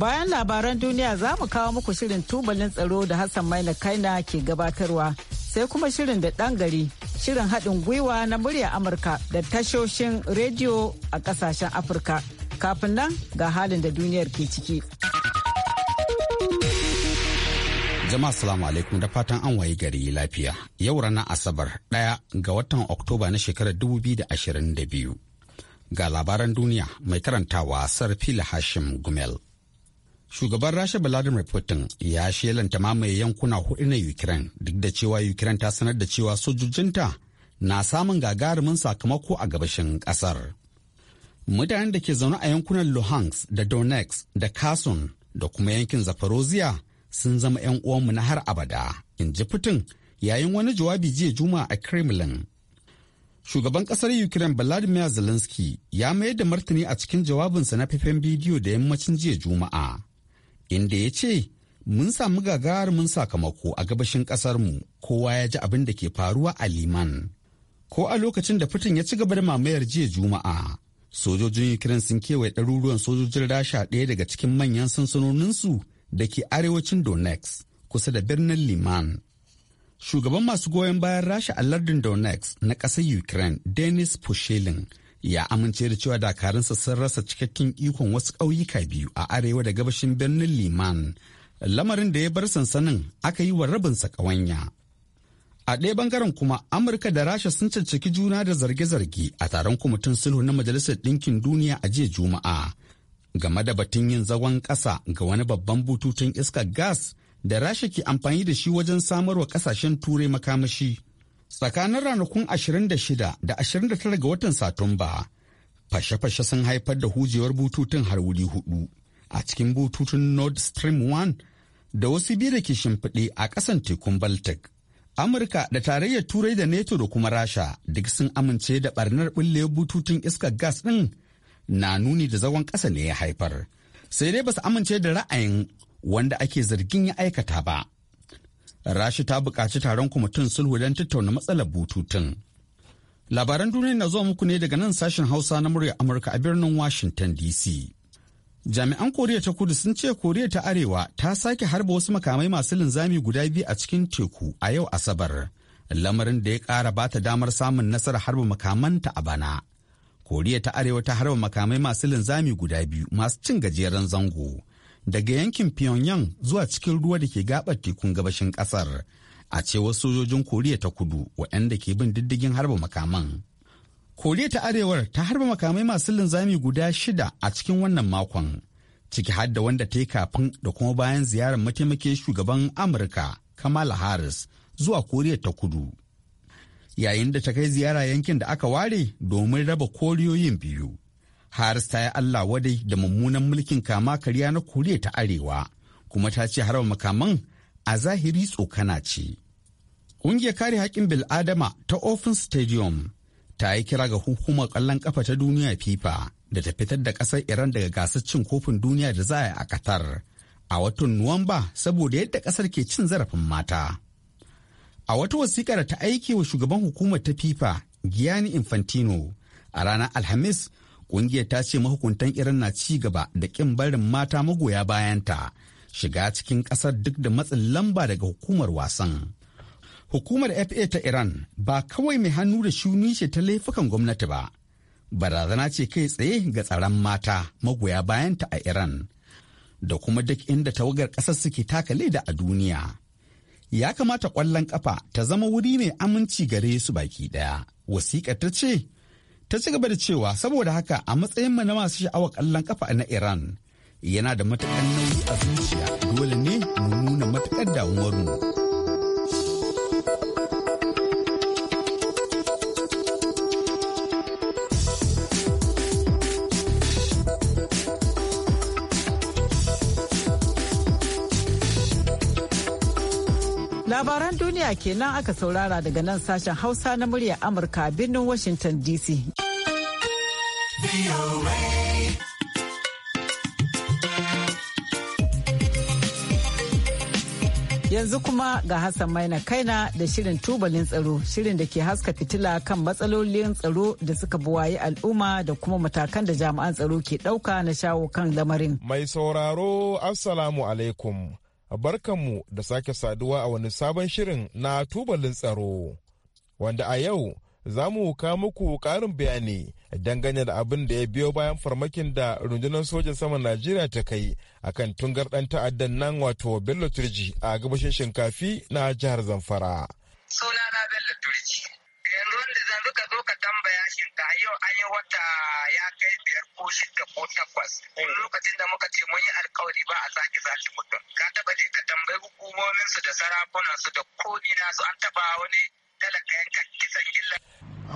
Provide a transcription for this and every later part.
Bayan labaran duniya za mu kawo muku shirin tubalin tsaro da Hassan Maina Kaina ke gabatarwa sai kuma shirin da ɗan gari shirin haɗin gwiwa na murya Amurka da tashoshin rediyo a ƙasashen Afirka. Kafin nan ga halin da duniyar ke ciki. Jama'a salamu alaikum da fatan an waye gari lafiya. Yau ranar Asabar ɗaya ga watan Oktoba na shekarar biyu. Ga labaran duniya mai karantawa Sarfila Hashim Gumel. Shugaban Rasha Vladimir Putin ya shelanta mamaye yankuna hudu na Ukraine duk da cewa Ukraine ta sanar da cewa sojojinta na samun gagarumin sakamako a gabashin kasar. Mutanen da ke zaune a yankunan Luhansk da Donetsk da Kasun da kuma yankin Zaporozhia sun zama 'yan uwanmu na har abada, in ji Putin yayin wani jawabi jiya Juma'a a Kremlin. Shugaban kasar Ukraine Vladimir Zelensky ya mayar da martani a cikin jawabinsa na faifan bidiyo da yammacin jiya Juma'a. inda ya ce mun samu gagarumin sakamako a gabashin ƙasarmu kowa ya ji abin da ke faruwa a liman ko a lokacin da fitin ya ci gaba da mamayar jiya juma'a sojojin ukraine sun kewaye ɗaruruwan sojojin rasha ɗaya daga cikin manyan sansanoninsu da ke arewacin donex kusa da birnin liman shugaban masu goyon bayan rasha a lardin donex na ƙasar ukraine denis pushelin ya amince da cewa dakarunsa sun rasa cikakken ikon wasu ƙauyuka biyu a arewa da gabashin birnin liman lamarin da ya bar sansanin aka yi wa rabinsa ƙawanya a ɗaya bangaren kuma amurka da rasha sun cancaki juna da zarge-zarge a taron kwamitin sulhu na majalisar ɗinkin duniya a jiya juma'a game da batun yin zagon ƙasa ga wani babban bututun iska gas da rasha ke amfani da shi wajen samarwa ƙasashen turai makamashi Tsakanin ranakun 26 da 29 ga watan Satumba, fashe-fashe sun haifar da hujewar bututun har wuri hudu a cikin bututun Nord Stream 1 da wasu biyu da ke shimfiɗe a ƙasan tekun Baltic. Amurka da tarayyar Turai da NETO da kuma Rasha duk sun amince da barnar bulle bututun iskar gas ɗin na nuni da zagon ƙasa ne ya haifar. Sai dai ba su amince da ra'ayin wanda ake zargin ya aikata ba. rashi ta buƙaci taron kwamitin sulhu don tattauna matsalar bututun labaran duniya na zuwa muku ne daga nan sashen hausa na murya amurka a birnin washington dc jami'an koriya ta kudu sun ce koriya ta arewa ta sake harba wasu makamai masu linzami guda biyu a cikin teku a yau asabar lamarin da ya ƙara bata damar samun nasarar harba makamanta a bana koriya ta arewa ta harba makamai masu linzami guda biyu masu cin gajeren zango daga yankin pyongyang zuwa cikin ruwa da ke gabar tekun gabashin kasar a cewar sojojin koriya ta kudu waɗanda ke bin diddigin harba makaman koriya ta arewar ta harba makamai masu linzami guda shida a cikin wannan makon ciki har da wanda ta yi kafin da kuma bayan ziyarar mataimakin shugaban amurka kamala harris zuwa koriya ta kudu yayin da ta kai ziyara yankin da aka ware domin raba koriyoyin biyu Haris ta yi Allah wadai da mummunan mulkin kama karya na Koriya ta Arewa, kuma ta ce harba makaman a zahiri tsokana ce. Ƙungiyar kare haƙƙin bil'adama ta Open Stadium ta yi kira ga hukumar ƙwallon ƙafa ta duniya FIFA da ta fitar da ƙasar Iran daga gasar cin kofin duniya da za a yi a Qatar a watan Nuwamba saboda yadda ƙasar ke cin zarafin mata. A wata wasiƙar ta aike wa shugaban hukumar ta FIFA Gianni Infantino a ranar Alhamis Ƙungiyar ta ce mahukuntan Iran na ci gaba da ƙin barin mata magoya bayanta shiga cikin ƙasar duk da matsin lamba daga hukumar wasan. Hukumar FA ta Iran ba kawai mai hannu da shuni ce ta laifukan gwamnati ba. Barazana ce kai tsaye ga tsaron mata magoya bayanta a Iran da kuma duk inda tawagar ƙasar suke takale da a duniya. ya kamata ƙwallon ƙafa ta zama wuri mai aminci gare su baki ɗaya. Wasiƙar ta ce, ta ci gaba da cewa saboda haka a matsayin mu na masu sha'awar kallon kafa na iran yana da matakan nauyi a zuciya dole ne mu nuna matakar damuwarmu Labaran duniya kenan aka saurara daga nan sashen Hausa na muryar Amurka birnin Washington DC. Yanzu kuma ga Hassan Maina Kaina da shirin tubalin tsaro, shirin da ke haska fitila kan matsalolin tsaro da suka buwayi al'umma da kuma matakan da jami'an tsaro ke ɗauka na shawo kan lamarin. Mai sauraro, Assalamu alaikum. Barkanmu da sake saduwa a wani sabon shirin na tubalin tsaro, wanda a yau za mu muku ƙarin bayani dangane da abin da ya biyo bayan farmakin da rundunar sojan saman najeriya ta kai akan tungar ɗan ta'addan nan wato bello turji a gabashin shinkafi na jihar zamfara suna na bello turji yanzu wanda zan ka zo ka tambaya shinka yau an yi wata ya kai biyar ko shida ko takwas lokacin da muka ce mun yi alkawari ba a sake sake mutum ka taba je ka tambayi hukumominsu da sarakunansu da komi nasu an taba wani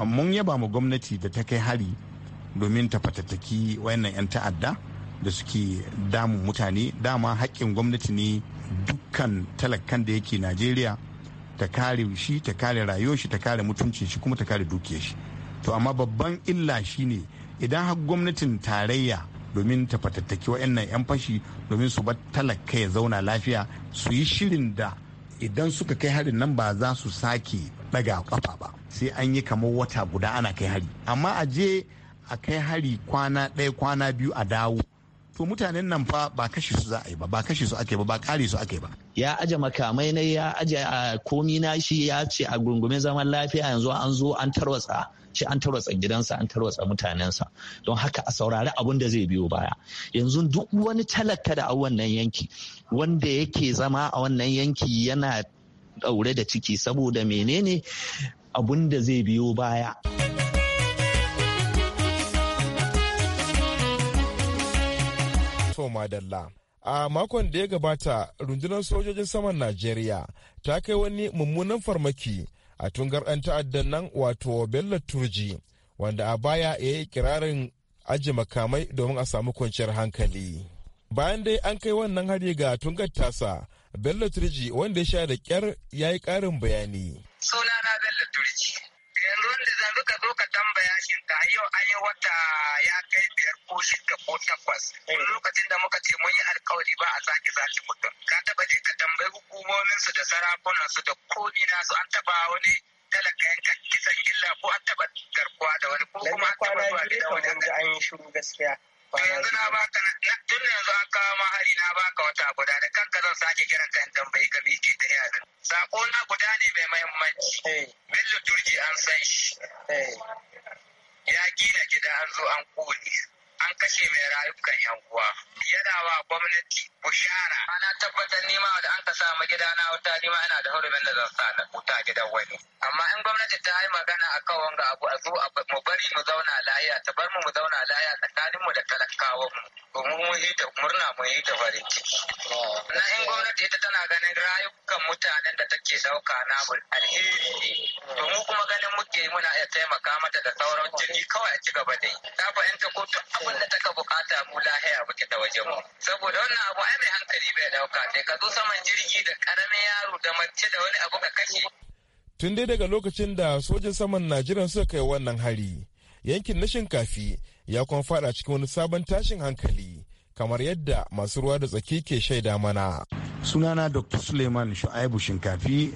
mun yaba mu gwamnati da ta kai hari domin ta fatattaki wayannan 'yan ta'adda da suke damun mutane dama haƙƙin gwamnati ne dukkan talakan da yake najeriya ta kare shi ta kare rayuwar shi ta kare mutuncin shi kuma ta kare dukiyar shi to amma babban illa shi ne idan har gwamnatin tarayya domin ta fatattaki wa'annan 'yan fashi domin su bar talaka ya zauna lafiya su yi shirin da idan suka kai harin nan ba za su sake daga kafa ba sai an yi kamar wata guda ana kai hari amma a je a kai hari kwana ɗaya kwana biyu a dawo to mutanen nan fa ba kashi su za a yi ba ba kashi su ake ba ba kare su ake ba ya aje makamai na ya aje a komi na shi ya ce a gungume zaman lafiya yanzu an zo an tarwatsa shi an tarwatsa gidansa an tarwatsa mutanensa don haka a saurari abin da zai biyo baya yanzu duk wani talaka da a wannan yanki wanda yake zama a wannan yanki yana daure da ciki saboda menene abun da zai biyo baya. madalla. A makon da ya gabata, rundunar sojojin saman Najeriya ta kai wani mummunan farmaki a tungar 'yan ta'addan nan wato Bello Turji, wanda a baya ya yi kirarin aji makamai domin a samu kwanciyar hankali. Bayan dai an kai wannan hari ga tungar tasa, Bello Turji wanda ya sha da kyar ya yi ƙarin bayani. Sunana Bello Turji, yanzu wanda zan zo ka yau an yi wata ya kai biyar ko shida ko takwas wani hmm. lokacin da muka ce mun yi alkawari ba a sake zaki mutum ka taba je ka tambayi hukumominsu da sarakunansu da komi su an taba wani talaka yanka kisan gilla ko an taba garkuwa da wani ko kuma an taba zuwa gida wani an yi shiru gaskiya yanzu na baka na tun yanzu an kawo mahari na baka wata guda da kanka zan sake kiran ka in tambayi ka ke ta yadda sako na guda ne mai mahimmanci eh. bello turji an san shi eh. ya gina gida an zo an kone an kashe mai rayukan yan uwa yana wa gwamnati bushara ana tabbatar nima da an ka samu gidana wuta nima yana da hurumin da zan sa na wuta gidan wani amma in gwamnati ta yi magana a kan wanga abu a zo mu bari mu zauna lahiya ta bar mu mu zauna lahiya tsakanin mu da talakawan mu domin mun yi ta murna mun yi ta farin ciki na in gwamnati ita tana ganin rayukan mutanen da take sauka na alheri ne to mu kuma ganin muke muna iya taimaka mata da sauran jini kawai a ci gaba da yi ta fahimta ko tun abin wanda taka bukata mu lahiya muke da waje mu saboda wannan abu ai mai hankali bai dauka sai ka zo saman jirgi da karamin yaro da mace da wani abu ka kashe tun dai daga lokacin da sojin saman Najeriya suka kai wannan hari yankin na shinkafi ya kuma fada cikin wani sabon tashin hankali kamar yadda masu ruwa da tsaki ke shaida mana. sunana dr suleiman shu'aibu shinkafi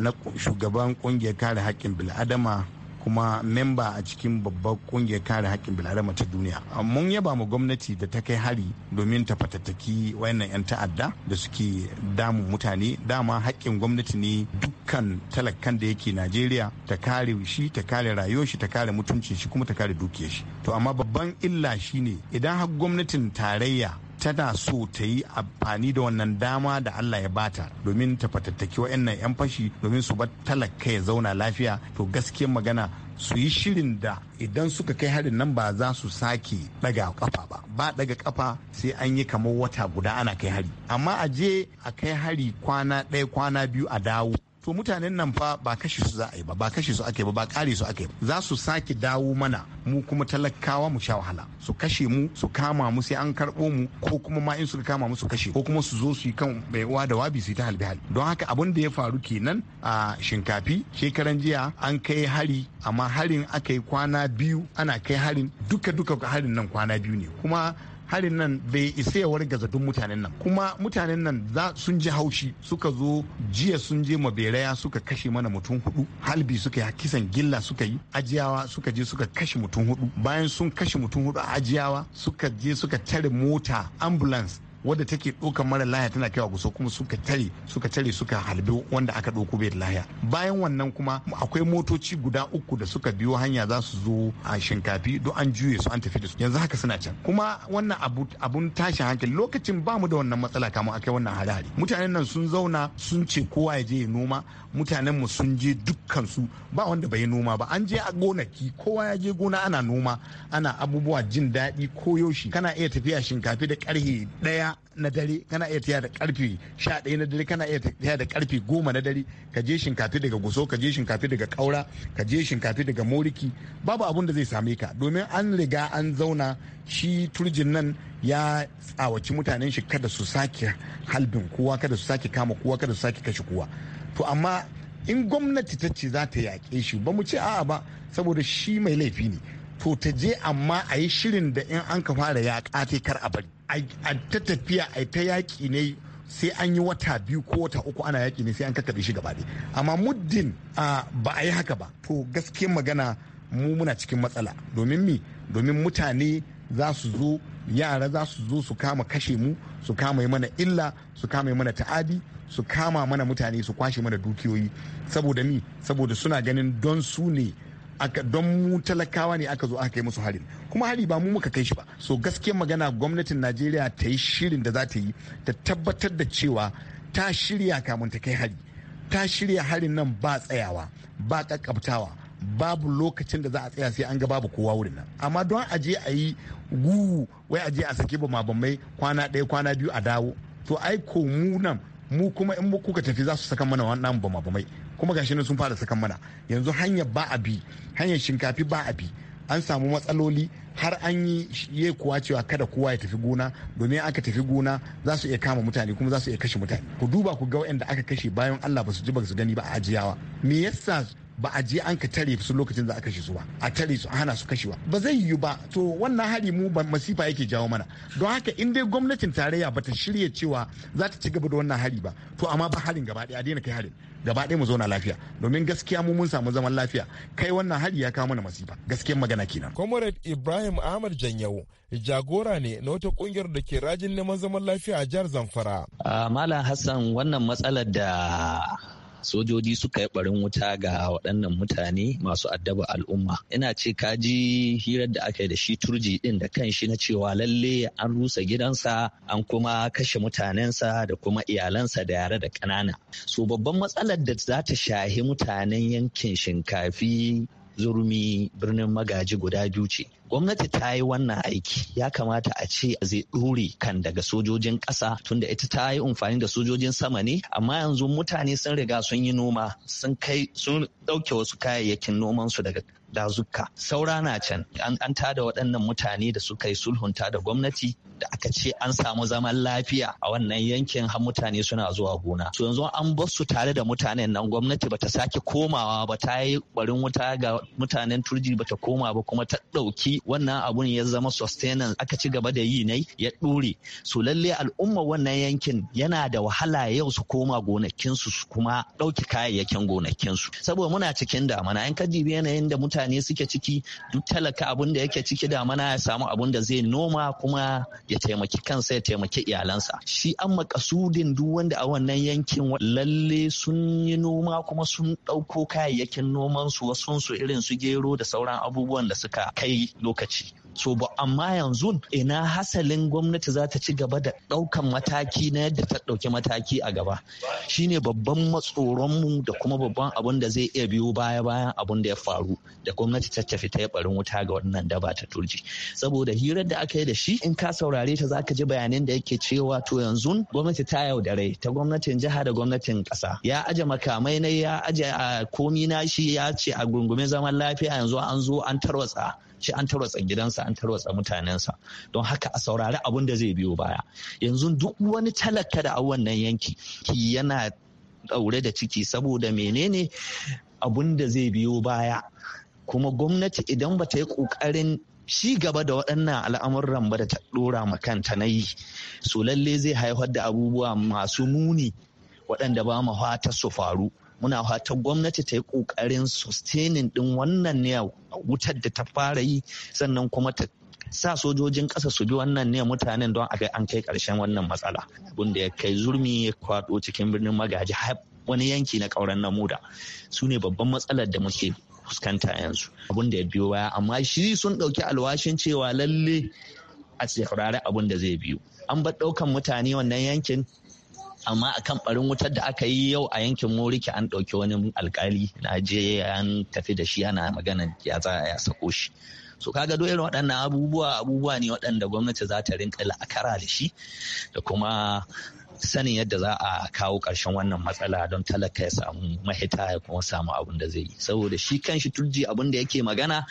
na shugaban kungiyar kare haƙƙin bil'adama kuma memba a cikin babbar kungiyar kare haƙƙin bil'adama ta duniya ah, mun yaba mu gwamnati da ta kai hari domin ta fatattaki wayannan 'yan ta'adda da suke damun mutane dama haƙƙin gwamnati ne dukkan talakan da yake najeriya ta kare shi ta kare rayuwar shi ta kare mutuncin shi kuma ta kare dukiyar shi to amma babban illa shine idan har gwamnatin tarayya tana so ta yi amfani da wannan dama da Allah ya bata domin ta fatattaki wa'annan 'yan fashi domin su bar talaka ya zauna lafiya to gaskiyar magana su yi shirin da idan suka kai harin nan ba za su sake daga kafa ba ba daga kafa sai an yi kamar wata guda ana kai hari amma a je a kai hari kwana ɗaya kwana biyu a dawo to mutanen nan fa ba kashe su za a yi ba ba kashe su ake ba ba kare su ake za su sake dawo mana mu kuma talakawa mu sha wahala su kashe mu su kama mu sai an karbo mu ko kuma ma in suka kama mu su kashe ko kuma su zo su yi kan mai wa da wabi su yi ta halbe don haka abin da ya faru kenan a shinkafi shekaran jiya an kai hari amma harin aka yi kwana biyu ana kai harin duka duka harin nan kwana biyu ne kuma harin nan bai isa ya wargaza duk mutanen nan kuma mutanen nan za sun ji haushi suka zo jiya sun je maberaya suka kashe mana mutum hudu halbi suka yi kisan gilla suka yi ajiyawa suka je suka kashe mutum hudu bayan sun kashe mutum hudu a ajiyawa suka je suka tare mota ambulance wadda take ɗaukar mara lahiya tana kaiwa kusa kuma suka tare suka tare suka halbe wanda aka ɗauko bai da lahiya bayan wannan kuma akwai motoci guda uku da suka biyo hanya za su zo a shinkafi don an juye su an tafi da su yanzu haka suna can kuma wannan abun tashi hankali lokacin ba mu da wannan matsala kamar akai wannan hare-hare mutanen nan sun zauna sun ce kowa ya je ya noma mutanen mu sun je dukkansu ba wanda bai noma ba an je a gonaki kowa ya je gona ana noma ana abubuwa jin daɗi ko koyaushe kana iya tafiya shinkafi da karhe ɗaya na dare kana iya tiya da karfe sha ɗaya na dare kana iya tiya da karfe goma na dare ka je shinkafi daga guso ka je shinkafi daga kaura ka je shinkafi daga moriki babu abun da zai same ka domin an riga an zauna shi turjin nan ya tsawaci mutanen shi kada su sake halbin kowa kada su sake kama kowa kada su sake kashe kowa to amma in gwamnati ta ce za ta yaƙe shi ba mu ce a'a ba saboda shi mai laifi ne to ta je amma a yi shirin da in an ka fara yaƙa kar a bari a ta tafiya a ta yaƙi ne sai an yi wata biyu ko wata uku ana yaƙi ne sai an kakkaɓe shi gaba amma muddin ba a yi haka ba to gaskiyar magana mu muna cikin matsala domin mi domin mutane za su zo yara za su zo su kama kashe mu su kama yi mana illa su kama yi mana ta'adi su kama mana mutane su kwashe mana dukiyoyi saboda mi saboda suna ganin don su ne don mu talakawa ne aka zo aka kai musu harin kuma hari ba mu muka kai shi ba so gaskiya magana gwamnatin najeriya ta yi shirin da za ta yi ta tabbatar da cewa ta shirya kamun ta kai hari ta shirya harin nan ba tsayawa ba kakkabtawa babu lokacin da za a tsaya sai an ga babu kowa wurin nan amma don a je a yi gugu wai a je a sake ba mabammai kwana ɗaya kwana biyu a dawo to ai ko mu nan mu kuma in kuka tafi za su saka mana wannan ba mabamai kuma gashi nan sun fara sakan mana yanzu hanyar ba a bi hanyar shinkafi ba a bi an samu matsaloli har an yi ye kuwa cewa kada kowa ya tafi gona domin aka tafi gona za su iya kama mutane kuma za su iya kashe mutane ku duba ku ga wa'anda aka kashe bayan Allah ba su ji ba su gani ba a ajiyawa me yasa ba a je an ka tare su lokacin da aka shi su ba a tare su hana su kashewa ba zai yiwu ba to wannan hari mu ba masifa yake jawo mana don haka in dai gwamnatin tarayya bata shirya cewa za ta ci gaba da wannan hari ba to amma ba harin gaba ɗaya a daina kai harin gaba ɗaya mu zauna lafiya domin gaskiya mu mun samu zaman lafiya kai wannan hari ya kawo mana masifa gaskiyar magana kenan comrade ibrahim ahmad janyawo jagora ne na wata kungiyar da ke rajin neman zaman lafiya a jihar zamfara ah, malam hassan wannan matsalar da sojoji suka yi barin wuta ga waɗannan mutane masu addaba al'umma ina ce ka ji hirar da aka yi da shi turji ɗin da kan shi na cewa lalle an rusa gidansa an kuma kashe mutanensa da kuma iyalansa da yare da ƙanana so babban matsalar da za ta shahi mutanen yankin shinkafi zurmi birnin magaji guda biyu ce gwamnati ta yi wannan aiki ya kamata a ce zai ɗore kan daga sojojin ƙasa tunda ita ta yi amfani da sojojin sama ne amma yanzu mutane sun riga sun yi noma sun kai sun ɗauke wasu kayayyakin nomansu daga dazuka saura na can an da waɗannan mutane da suka yi sulhunta da gwamnati da aka ce an samu zaman lafiya a wannan yankin har mutane suna zuwa gona to yanzu an bar su tare da mutanen nan gwamnati bata sake komawa ba ta yi barin wuta ga mutanen turji bata koma ba kuma ta ɗauki wannan abun ya zama sustenance aka ci gaba da yi ne ya dure so lalle al'umma wannan yankin yana da wahala yau su koma gonakinsu su kuma ɗauki kayayyakin gonakinsu saboda muna cikin damana an kaji dibi yanayin da mutane suke ciki duk talaka abun da yake ciki damana ya samu abun da zai noma kuma ya taimaki kansa ya taimaki iyalansa shi an makasudin duk wanda a wannan yankin lalle sun yi noma kuma sun ɗauko kayayyakin noman su wasu su irin su gero da sauran abubuwan da suka kai lokaci so ba amma yanzu ina hasalin gwamnati za ta ci gaba da ɗaukan mataki na yadda ta ɗauki mataki a gaba shine babban matsoronmu da kuma babban abin da zai iya biyo baya bayan abin da ya faru da gwamnati ta tafi ta yi barin wuta ga wannan daba ta turji saboda hirar da aka yi da shi in ka saurare ta za ka ji bayanin da yake cewa to yanzu gwamnati ta yaudare ta gwamnatin jiha da gwamnatin ƙasa ya aje makamai na ya aje komi na shi ya ce a gungumin zaman lafiya yanzu an zo an tarwatsa shi an tarwatsa gidansa an tarwatsa mutanensa don haka a saurari abin da zai biyo baya yanzu duk wani talaka da a wannan yanki yana daure da ciki saboda menene abun da zai biyo baya kuma gwamnati idan ba ta yi kokarin ci gaba da waɗannan al'amuran ba da ta ɗora ma kanta na yi so lalle zai haifar da abubuwa masu muni waɗanda ba mu fata su faru muna fatan gwamnati ta yi ƙoƙarin sustaining din wannan ne wutar da ta fara yi sannan kuma ta sa sojojin kasa su bi wannan ne mutanen don a kai an kai karshen wannan matsala abin da ya kai zurmi ya kwado cikin birnin magaji har wani yanki na kauran namuda su ne babban matsalar da muke fuskanta yanzu abin da ya biyo baya amma shi sun ɗauki alwashin cewa lalle a tsaurari abin da zai biyu an bar ɗaukan mutane wannan yankin amma a kan barin wutar da aka yi yau a yankin moriki an ɗauki wani alkali na je an tafi da shi ana magana ya za ya sako shi so kaga duk irin waɗannan abubuwa abubuwa ne waɗanda gwamnati za ta rinka la'akara da shi da kuma sanin yadda za a kawo ƙarshen wannan matsala don talaka ya samu mahita ya kuma samu abin da zai yi saboda shi kanshi turji abin da yake magana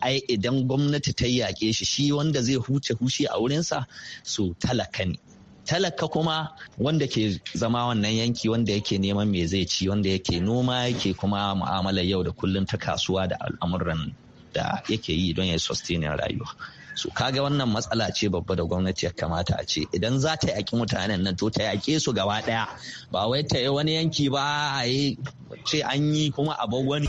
ai idan gwamnati ta yaƙe shi shi wanda zai huce hushe a wurinsa su talaka ne talaka kuma wanda ke zama wannan yanki wanda yake neman me zai ci wanda yake noma yake kuma mu'amalar yau da kullum ta kasuwa da al'amuran da yake yi don ya sustaining rayuwa su kaga wannan matsala ce babba da gwamnati ya kamata a ce idan za ta yaƙi mutanen nan to ta yaƙe su gaba ɗaya ba wai ta yi wani yanki ba a yi ce an yi kuma a wani.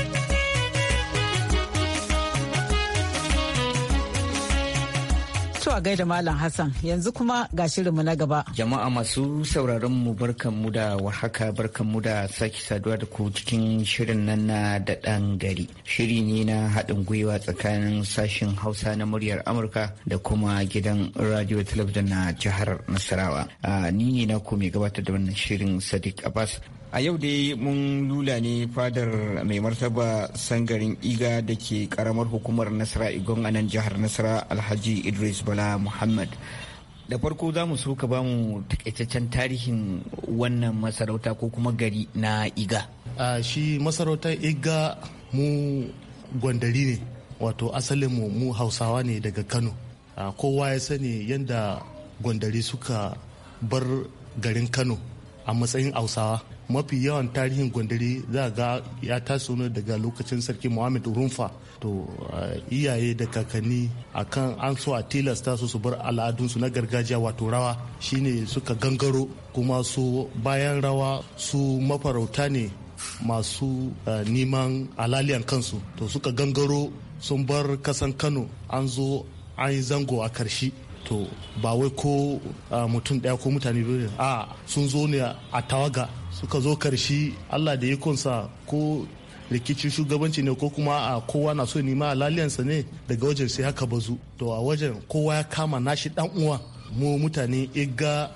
a gaida Malam Hassan yanzu kuma ga shirinmu na gaba. Jama'a masu sauraron mu barkan mu da warhaka mu da sake saduwa da ku cikin shirin nan na da ɗan gari. Shiri ne na haɗin gwiwa tsakanin sashen Hausa na muryar Amurka da kuma gidan radio talabijin na jihar Nasarawa. Ni ne na ku mai gabatar da wannan shirin Sadiq Abbas. a yau dai mun lula ne fadar mai martaba sangarin iga da ke karamar hukumar nasara igon a nan jihar nasara alhaji idris bala muhammad da farko za mu soka ba mu takaitaccen tarihin wannan masarauta ko kuma gari na iga a shi masarautar iga mu gwandari ne wato asalin mu mu hausawa ne daga kano kowa ya sani yadda gwandari suka bar garin kano a matsayin hausawa mafi yawan tarihin gwandare za ga ya taso ne daga lokacin sarki muhammad rumfa to eh, iyaye da kakanni akan an so a tilasta su su bar al'adunsu na gargajiya wato rawa shine suka gangaro kuma su bayan rawa su mafarauta ne masu eh, neman alaliyan kansu to suka gangaro sun bar kasan kano an zo an yi zango a karshe to ba wai ko eh, mutum daya ko mutane biyu a sun zo ne a tawaga suka zo karshi allah da ikonsa ko rikicin shugabanci ne ko kuma a kowa na so nima laliyansa ne daga wajen sai haka bazu to a wajen kowa ya kama nashi dan uwa mu mutane iga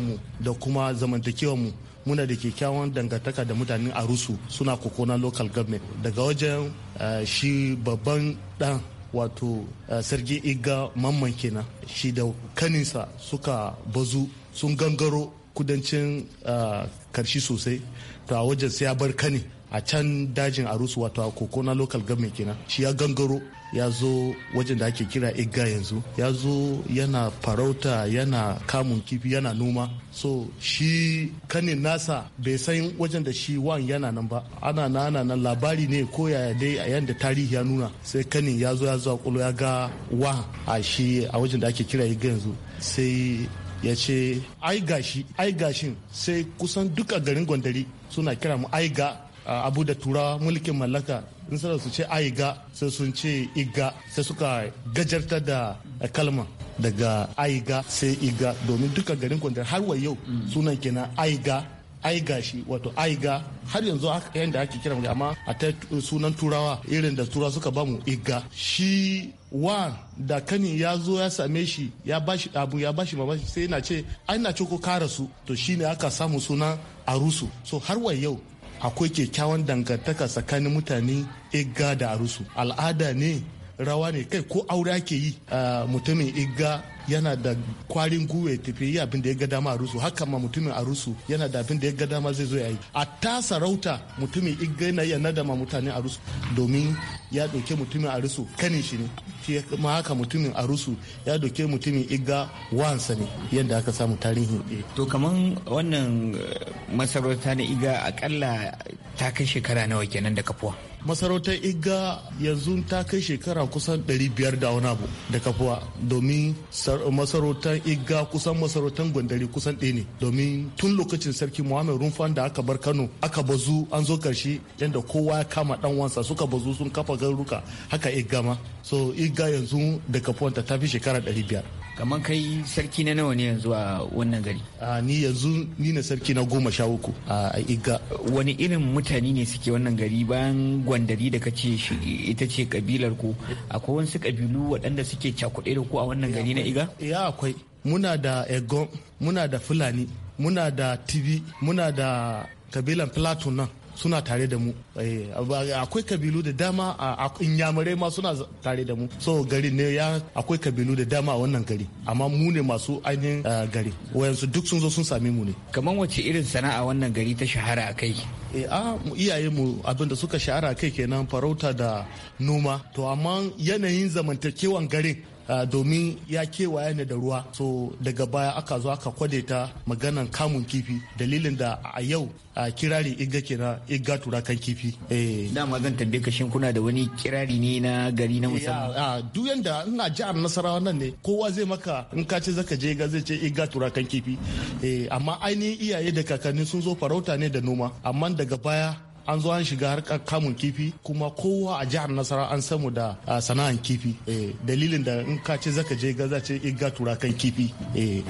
mu da kuma mu muna da kyakkyawan dangantaka da mutanen arusu suna kokona local government daga wajen eh, shi babban dan wato eh, sarki iga mamman kenan shi da kaninsa suka bazu sun gangaro kudancin ah, karshi sosai to a wajen sai ya bar kani a can dajin arusu wato a koko na local government kenan shi ya gangaro ya zo wajen da ake kira igga yanzu ya zo yana farauta yana kamun kifi yana noma so shi kanin nasa bai san wajen da shi wan yana nan ba ana na ana nan labari ne ko ya dai a yanda tarihi ya nuna sai kanin ya zo ya zo a ya ga wa a shi a wajen da ake kira igga yanzu sai ya ce ai gashi ai gashin sai kusan duka garin gwandari suna kira mu ai ga abu da tura mulkin mallaka in sanar su ce ai ga sai sun ce iga sai suka gajarta da kalma daga ga sai iga domin duka garin gwandari har wa yau sunan kenan ga ai gashi wato ga har yanzu yadda ake kira amma a ta sunan turawa irin da turawa suka bamu iga shi Wa da kani ya zo ya same shi ya bashi abu ya bashi bashi sai yana ce ai na ce ko kara su to shine aka samu suna arusu so har wa yau akwai kyakkyawan dangantaka tsakanin mutane igga da arusu al'ada ne rawa ne kai ko aure ake yi ah, mutumin igga yana da kwarin gwiwa ya tafi yi abin da ya ga dama a rusu haka ma mutumin a rusu yana da abin da ya ga dama zai zo ya yi a ta sarauta mutumin igaina yana da ma mutane a rusu domin ya doke mutumin a rusu kanin shi ne shi ma haka mutumin a rusu ya doke mutumin iga wansa ne yadda aka samu tarihin to kaman wannan eh, masarauta na iga akalla ta kai shekara nawa kenan da kafuwa masarautar iga yanzu ta kai shekara kusan 500 da wani abu da kafuwa domin masarautar igga kusan masarautar gwandari kusan ɗaya ne domin tun lokacin sarki muhammed rumfan da aka bar kano aka bazu an zo karshe yadda kowa ya kama dan wansa suka bazu sun kafa garuruka haka igga ma so igga yanzu daga fonta ta fi shekara biyar. kamar kai sarki na nawa ne yanzu a wannan gari a ni yanzu ni na sarki na goma sha uku a iga wani irin mutane ne suke wannan gari bayan gwandari da kace ita ce kabilar ku akwai wasu kabilu waɗanda suke cakuɗe da ku a wannan gari na iga ya akwai muna da egon muna da fulani muna da tibi muna da kabilan platon nan suna tare da mu eh, akwai kabilu da dama a inyamurai ma suna tare da mu so gari ne ya akwai kabilu da dama a wannan gari amma mu ne masu ainihin eh, gari wayansu duk sun zo sun sami mu ne kamar wace irin sana'a wannan gari ta shahara a kai eh, a iyaye mu abinda suka shahara kai kenan farauta da noma to amma yanayin zamantakewan garin Ah, domin ya kewaye ne da ruwa so daga baya aka zo aka kwade ta maganan kamun kifi dalilin da a yau a kirari iga kira iga turakan kifi eh. dama zan tambaye ka shin kuna da wani kirari ne na gari na musamman duk yanda ina jihar nasarawa nan ne kowa zai maka in ka ce zaka je ga zai ce iga turakan kifi eh, amma ainihin iyaye da kakanni sun zo farauta ne da noma amma daga baya an zo an shiga harkar kamun kifi kuma kowa a jihar nasara an samu da ah, sana'an kifi eh, dalilin da in ka ce zaka je gaza ce iga tura kan kifi eh.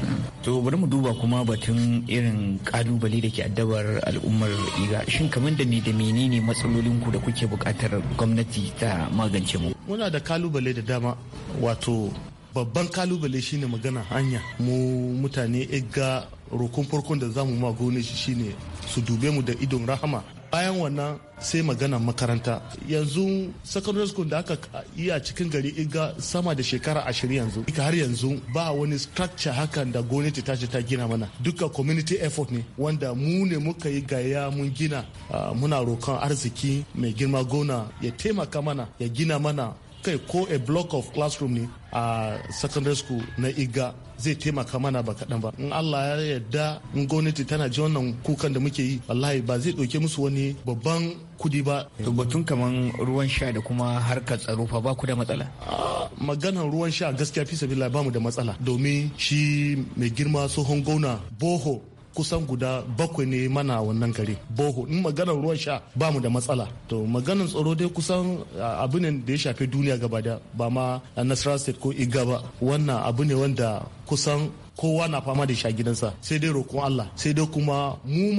to bari mu duba kuma batun irin kalubale da ke addabar al'ummar iga shin kamar da da menene matsalolin ku da kuke bukatar gwamnati ta magance mu muna da kalubale da dama wato babban kalubale shine magana hanya mu mutane iga rokon farkon da zamu ma shi shine su dube mu da idon rahama bayan wannan sai magana makaranta yanzu secondary school da aka yi a cikin gari iga sama da shekara ashirin yanzu ika har yanzu ba wani structure hakan da gwamnati ta ce ta gina mana duka community effort ne wanda mu ne muka yi gaya mun gina ah, muna rokan arziki mai girma gona ya taimaka mana ya gina mana kai ko a block of classroom ne a secondary school na iga zai taimaka mana ba kaɗan ba in Allah ya yarda in gwamnati tana ji wannan kukan da muke yi wallahi ba zai ɗauke musu wani babban kudi ba. To batun kaman ruwan sha da kuma harkar tsaro fa ba ku da matsala? Maganar ruwan sha gaskiya fi sabila ba mu da matsala domin shi mai girma tsohon gona boho kusan guda bakwai ne mana wannan gari boho in maganar ruwan sha ba mu da matsala to maganar tsaro dai kusan abu ne da ya shafi duniya gaba da ba ma nasarar state ko iga ba wannan abu ne wanda kusan kowa na fama da shi gidansa sai dai roƙon Allah sai dai kuma mu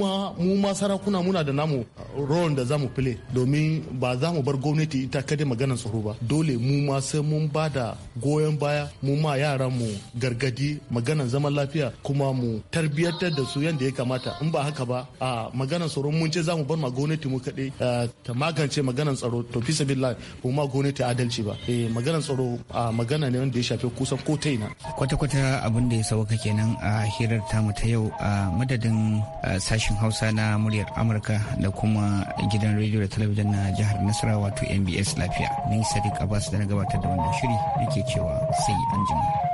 ma sarakuna muna da namu uh, rawar da zamu fule domin ba za mu bar gwamnati ita kada maganar tsaro ba dole mu ma sai mun ba da goyon baya mu ma yaran mu gargadi maganar zaman lafiya kuma mu tarbiyyantar da su yadda ya kamata in ba haka ba a maganar tsaro mun ce zamu bar ma gwamnati mu kaɗai uh, ta magance maganan tsaro to fi sabilillah mu ma gwamnati adalci ba eh maganar tsaro a magana ne wanda ya shafi kusan ko ta ina kwata-kwata abin da ya sauka kenan a hirar tamu ta yau a madadin sashen hausa na muryar amurka da kuma gidan rediyo da talabijin na jihar nasarawa wato mbs lafiya ni sadiq abbas da na gabatar da wannan shiri nake cewa sai an jima.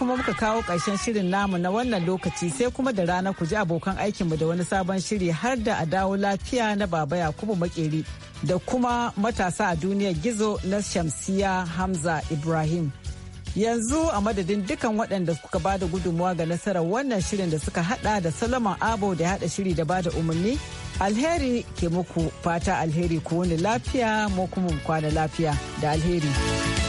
kuma muka kawo karshen shirin namu na wannan lokaci sai kuma da rana ku ji abokan aikinmu da wani sabon shiri har da a dawo lafiya na baba yakubu makeri da kuma matasa a duniyar gizo na shamsiya hamza ibrahim yanzu a madadin dukan waɗanda suka ba da gudunmuwa ga nasarar wannan shirin da suka haɗa da salomon abo da haɗa shiri da ba da umarni alheri ke muku fata alheri ku wani lafiya mu kuma kwana lafiya da alheri.